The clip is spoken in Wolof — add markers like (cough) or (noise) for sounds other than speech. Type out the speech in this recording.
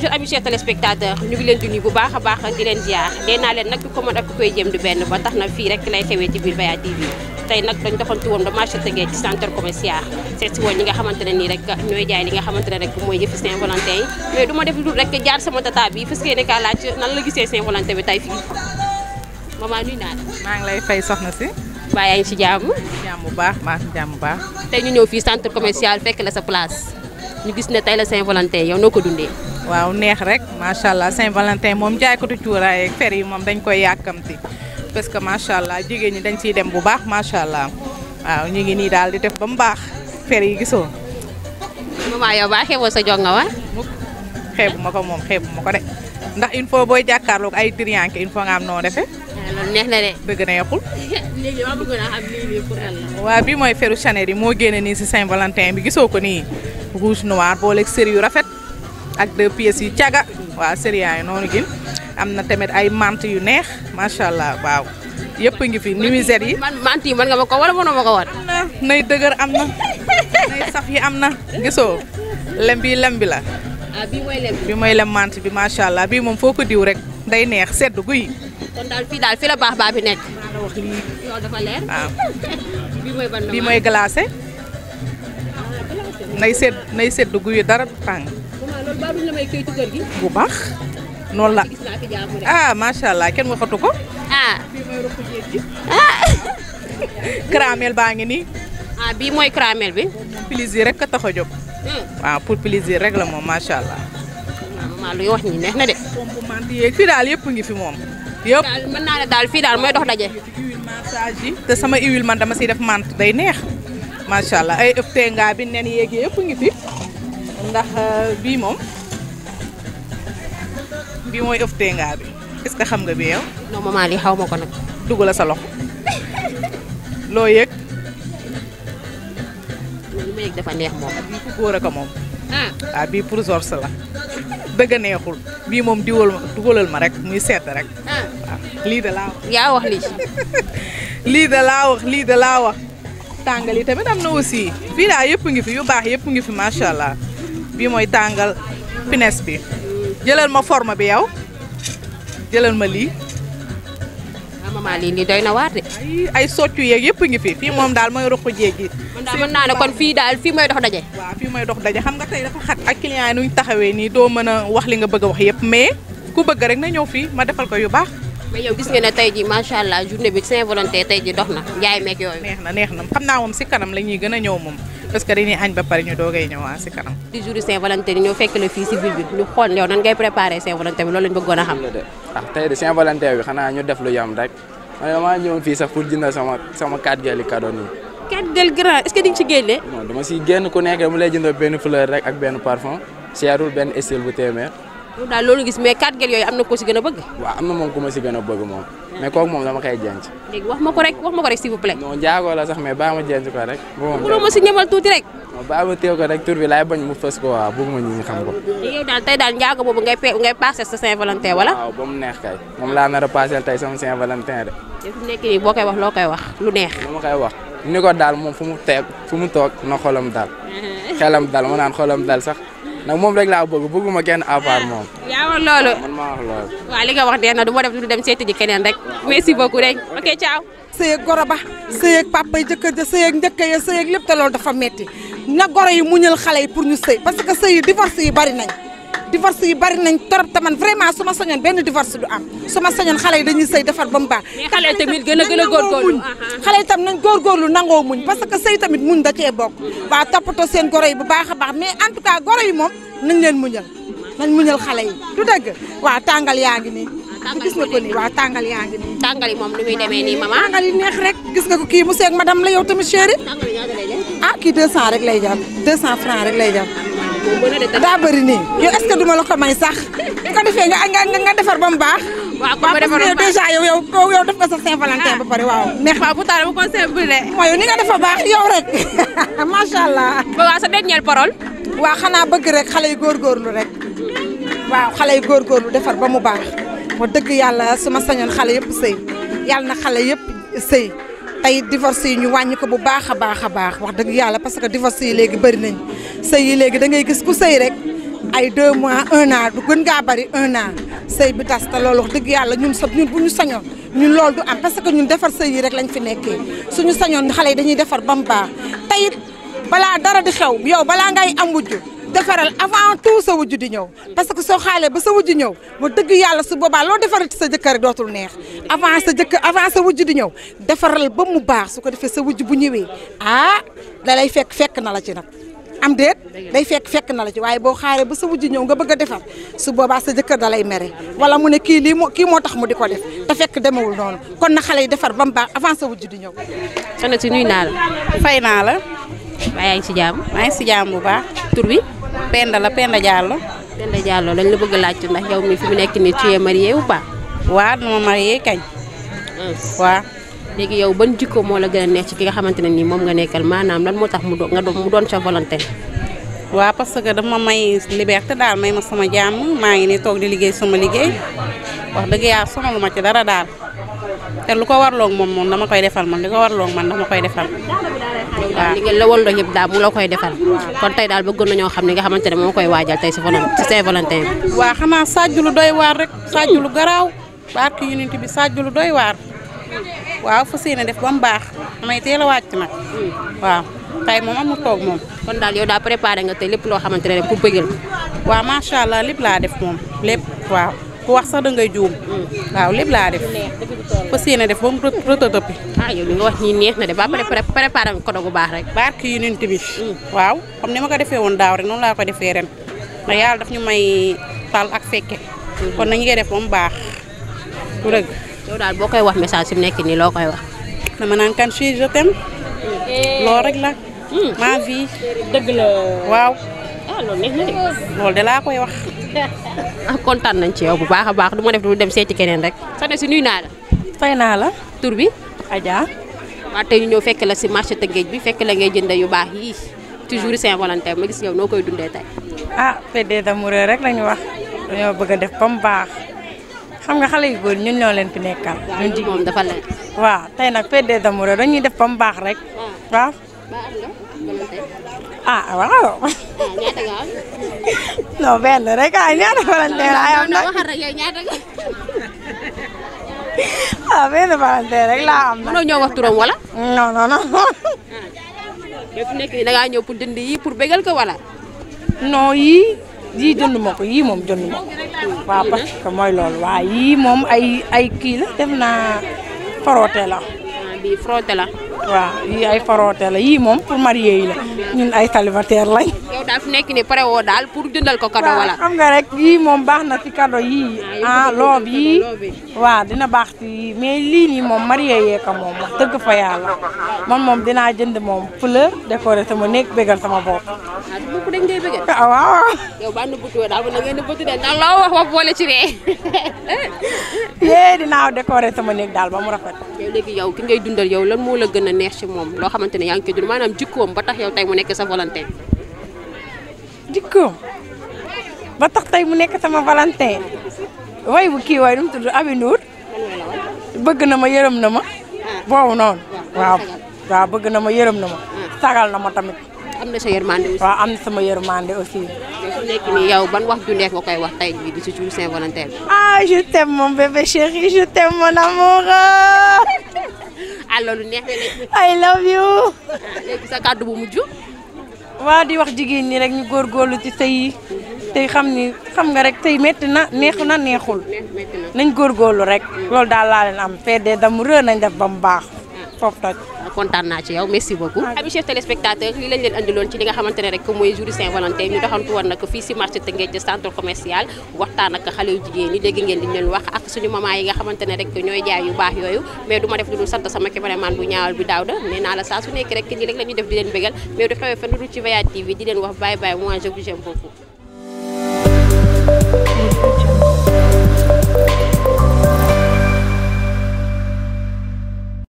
bonjour amis chers téléspectateurs ñu ngi leen di nuyu bu baax a baax di leen ziar nee naa leen nag ku ko mën ak ku koy jëm du benn ba tax na fii rek lay xewee ci biir Baya TV tey nag dañ doxantu woon ba marché Tëngéej ci centre commercial seet woon ñi nga xamante ne nii rek ñooy jaay li nga xamante ne rek mooy yëfi Saint-Valentin yi mais du def lu rek jaar sama tata bi fas yéene kaa laaj nan la gisee Saint-Valentin bi la. maa ngi lay fay soxna si. mbaa yaa ngi si jàmm. jàmm bu baax maa ngi si baax. tey ñu ñëw fii centre commercial fekk la sa place ñu gis ne tey la Saint-Valentin yow noo ko dundee waaw neex rek macha allah Saint Valentin moom jaaykatu cuuraay ak fer yi moom dañ koy yàkkamti parce que macha allah jigéen ñi dañ ciy dem bu baax macha allah waaw ñu ngi nii daal di def ba mu baax fer yi gisoo. maman yow baa xeeboo sa jog wa. xeebu ma ko moom xeebu ma ko de ndax il faut booy jàkkaarloog ay trianke il faut nga am noo defee. Eh, loolu neex na de. bëgg na yokkul. (laughs) léegi ma bëgg naa xam lii nii pour lan waaw bii mooy feru Chanel yi moo génne nii si Saint Valentin bi gisoo ko nii rouge noir lek sër yu rafet ak deux pièces yu caga wa séria yi nonu gin amna tamit ay mante yu neex macha allah waaw yep ngi fi nuisette yi mante yi man nga mako wala mono mako ko wat nay deuguer amna nay saf yi amna na lembi lembi bi la ah bi moy lem bi moy lem mante bi macha allah bii moom foo diw rek day neex sedd guuy kon dal fi dal fi la bax ba bi nek maa la wax lii loolu dafa leer (laughs) ban ah, glacé nay sedd nay sedd dara ba duñ la may kayitu kër bu baax noonu la ah macha allah kenn waxatu ko ah, ah. (laughs) caramel baa ngi ah bii mooy caramel bi plaisir rek ka tax ah jóg hmm. waaw pour plaisir rek la moom macha allah waaw ah, luy wax ñi neex na de pompement yeeg fii daal ngi fi moom yëpp mën naa ne daal fii daal mooy dox daje huile massage yi te sama huile man dama siy def mante day neex macha allah ay ëpp tenga bi nen yeeg yëpp ngi fi ndax bii moom bii mooy ëf tengaa bi est-ce que xam nga bi yow. non maman lii xaw ma ko nag. dugg la sa loxo loo yëg. li ma yëg dafa neex moom. bii ku góor a ko moom. waaw bii pour Georges la. dëgg neexul bii moom diwal ma dugalal ma rek muy seet rek. waaw lii da laa wax. yaa wax lii. lii da laa wax lii da laa wax. tàngal yi tamit am na aussi. fii daal yëpp ngi fi yu baax yëpp ngi fi macha allah. fii mooy tàngal pines bi jëlal ma forme bi yow jëlal ma lii. Ah, maman lii nii doy na waar ay soccu yeeg yëpp ngi fi fii moom daal mooy ruq jéeg yi. mën naa ne kon fii daal fii mooy dox daje. waaw fii mooy dox daje xam nga tey dafa xat ak client yi taxawee nii doo mën a wax li nga bëgg a wax yëpp mais ku bëgg rek na ñëw fii ma defal ko yu baax. mais yow gis nga ne tey ji macha allah journée bi Saint-Valentin tey ji dox na jaay meeg yooyu. neex na neex na xam naa moom si kanam la gën a ñëw moom parce que dañuy añ ba pare ñu doogay ñëwaa ah, si kanam. di si ville bi a xam. ah tey de Saint-Valentin bi xanaa ñu def lu yam rek man damaa ñëwoon fii sax pour jëndal sama sama gel yi cadeau nii. quatre gel grand est di nga génn ku nekk dama lay jëndal benn fleur rek ak benn parfum seerul benn style bu téeméer yow daal loolu gis mais quatre gel yooyu am na ko si gën a bëgg waaw am na moom ku ma si gën a bëgg moom mais kooku moom dama koy jenc wax ma ko rek wax vous plaît non jaagoo la sax mais baa ma jenc ko rek bu ma si ñëmal tuuti rek baa ma teew ko bañ mu fës ko waaw bëgg ma ñi ñu xam ko yow daal njaago boobu ngay ngay sa Saint Valentin wala ba mu neex kay moom laa nar a passé tey sama Saint Valentin de boo koy wax loo koy wax lu neex lu ma koy wax ni ko daal moom fu mu teeg fu mu toog na xolam dal (laughs) xelam dal ma naan xolam dal sax nag moom rek laa bëgg bëgguma kenn à part moom. yaa wax loolu man maa wax loolu. li nga wax dee na du ma def du dem seeti ji keneen rek merci beaucoup rek ok ciao. sëy goro ba sëy ak papa yi jëkkër ja sëy ak njëkk ya dafa metti na goro yi muñal xale yi pour ñu sëy parce que sëy yi divorce yi bari nañ divorce yi bari nañ torop te man vraiment suma ma ben divorce du am suma ma xalé dañuy sey defar bam ba xalé tamit gëna gëna gor gor gën a góorgóorlu xale gor nañ góorgóorlu nangoo muñ parce que sey tamit muñ da cee bok waa topato sen goro bu baaxa baax mais en tout cas goro mom nañ leen muñal nañ muñal xalé yi du deug wa tangal yaangi ni gis nga ko ni wa tangal yaangi ni tangal mom lu muy démé ni mama tangal yi neex rek gis nga ko ki mu sék madame la yow tamit chéri ah ki 200 rek lay jar 200 francs rek lay jar daa bëri nii yow est-ce que duma la ko may sax bu ko defee nga nga nga defar ba mu baax. waaw kon ma defar ba mu baax déjà yow yow yow def nga sa Saint-Valentin ba pare waaw. neex waaw bu tawee bu ko simple. mooy ni nga dafa baax yow rek macha allah. waaw sa dernière parole. waaw xanaa bëgg rek xale yu góorgóorlu rek waaw xale yu góorgóorlu defar ba mu baax ma dëgg yàlla eh, su ma sañoon xale yëpp sëy yàlla na xale yëpp sëy tey divorce yi ñu wàññi ko bu baax a baax wax dëgg yàlla eh, parce que divorce yi léegi bëri nañ sëy yi léegi dangay gis ku sëy rek ay deux mois un an bu gën ngaa bari un an sëy bi tas te loolu wax dëgg yàlla ñun sa ñun bu ñu sañoon ñun lool du am parce que ñun defar sëy yi rek lañu fi nekkee suñu sañoon xale yi dañuy defar ba mu baax te balaa dara di xew yow balaa ngay am wujju defaral avant tout sa wujju di ñëw parce que soo xaalee ba sa wujju ñëw ba dëgg yàlla su boobaa loo defaral ci sa jëkkër dootul neex avant sa jëkkër avant sa wujju di ñëw defaral ba mu baax su ko defee sa wujju bu ñëwee ah da fekk fekk na la ci nag am déet day fekk fekk na la ci waaye boo xaaree ba sa wujj ñëw nga bëgg a defar su boobaa sa jëkkër da lay mere wala mu ne kii lii moo kii moo tax mu di ko def te fekk demewul noonu kon na xale yi defar ba mu baax avant sa wujj di ñëw. soxna si nuyu naa la. fay naa la. waaye yaa ngi si jàmm. maa ngi si jàmm bu baax. tur bi. Penda la Penda Diallo. Penda Diallo lañ la bëgg a laajte ndax yow mi fi mu nekk nii tu es mariée ou pas. waaw dama mariée kañ. Ah. waaw. légui yow ban jikko mo la gëna neex ci ki nga xamanteni ni mom nga nekkal manam lan motax mu do nga do mu doon sa volonté wa parce que dama may liberté dal may ma sama jamm ma ngi ni tok di liggéey sama liggéey wax dëgg sama lu ma ci dara dal té lu ko warlo ak mom mom dama koy defal man liko warlo ak man dama koy defal waaw li ngeen la do ñep da mu la koy defal kon tay dal bëggoon nañoo xam ne nga xamante mo koy waajal tay ci volonté ci Saint Valentin wa xana xanaa lu doy war rek sàjj lu garaaw barke unité bi sàjj lu doy war waaw fas yéene def ba mu baax damay teel a wàcc nag hmm. waaw tey moom amul toog moom. kon daal yow daa préparé nga tey lépp loo xamante ne rek pour bëggal. waaw macha allah lépp laa def moom lépp waaw ku wax sax da ngay juum. Hmm. waaw lépp laa def. fas yéene def ba mu rëtëtëpi. ah nii neex na de ba pare préparé nga ko dogu baax rek. barke yu nent bi. Hmm. waaw comme ni ma ko defee woon daaw rek noonu laa ko defee ren ndax yàlla daf ñu may tal ak fekke kon nañu koy def ba mu baax du dëgg yow dal bokay wax message sim nek ni lokay wax dama nan kan suis je t'aime eh. lo rek la hmm. ma vie deug la waaw ah, loolu neex na de loolu de laa koy wax contane (laughs) ah, nañ ci yow bu baakha baax duma def du dem setti kenen rek sa ne si nuy na la fay na la tour bi Adja waa tay ñu ñëw fekk la ci marché te geej bi fekk la ngay jënd yu baax yi toujours ah. Saint volontaire ma gis yow nokoy dundé tay ah fête d'amour rek lañu wax dañu bëgg def pam baax xam nga xale yu góor ñun ñoo leen fi nekkal. ñun jigéen moom dafa leen. waaw tey nag fête des amoureux dañuy def ba mu baax rek. waaw. ah waaw. Ah, ñaata nga am. (laughs) non benn rek ah ñaata Valentin laa am nag. (laughs) ah benn Valentin rek laa am nag. mënoo ñoo wax turam wala. non non non. (laughs) Ah. yow fi nekk nii da ngaa ñëw pour jënd yii pour bégal ko wala. non yii yii jënd ma ko yii moom jënd ma ko. waaw parce que mooy loolu waaw yii moom ay ay kii la def naa foroote la. Ah, bii la. waaw yii ay foroote la yii moom pour marié yi la ñun ay célibataire lay daal fu ni pare wo dal pour dundal ko cadeau wala xam nga rek yi mom ci cadeau yi ah lob yi wa dina bax ci mais li ni mom marié ye ka mom wax fa yalla man mom dina jënd mom fleur décorer sama nek bégal sama bopp bokk dañ ngay bégal ah waaw yow ba nëbbatu woo ba ngay nëbbatu de ndax loo wax wax bolé ci ree yee dinaa décorer sama nek dal ba mu rafet yow léegi yow ki ngay dundal yow lan mo la gëna neex ci mom lo xamante ne yaa dund ba tax yow tay mu nek sa volonté jikkoom ba tax tey mu nekk sama valentin way bu kii waay nu mu tudd bëgg na ma yërëm na ma boobu noonu waaw waaw bëgg na ma yërëm na ma sagal na ma tamit am na sa yërmande aussi waaw am na sama yër aussi. su ban wax ju nekk nga wax tey jii ah, mon bébé chéri je t'aime mon amour. (laughs) Ah, I love waa di wax jigéen ñi rek ñu góor góorlu ci sëy yi tey xam ni xam nga rek tey métti na neex na neexul nañ góor góorlu rek loolu daal laa leen am fee dee damu rëy nañ def ba mu baax foofu toj kontaan naa ci yow merci beaucoup ami chers téléspectateurs lii lañ leen andiloon ci li nga xamante ne rek mooy jour Saint Valentin ñu doxantu yi nga xamante rek ñooy jaay yu baax yooyu mais du def lu dul sama cameraman bu ñaawal bi daaw da nee naa la saa su nekk rek nii def di leen bégal mais du xewee fenn du ci VA TV di leen wax bye bye moi je vous aime beaucoup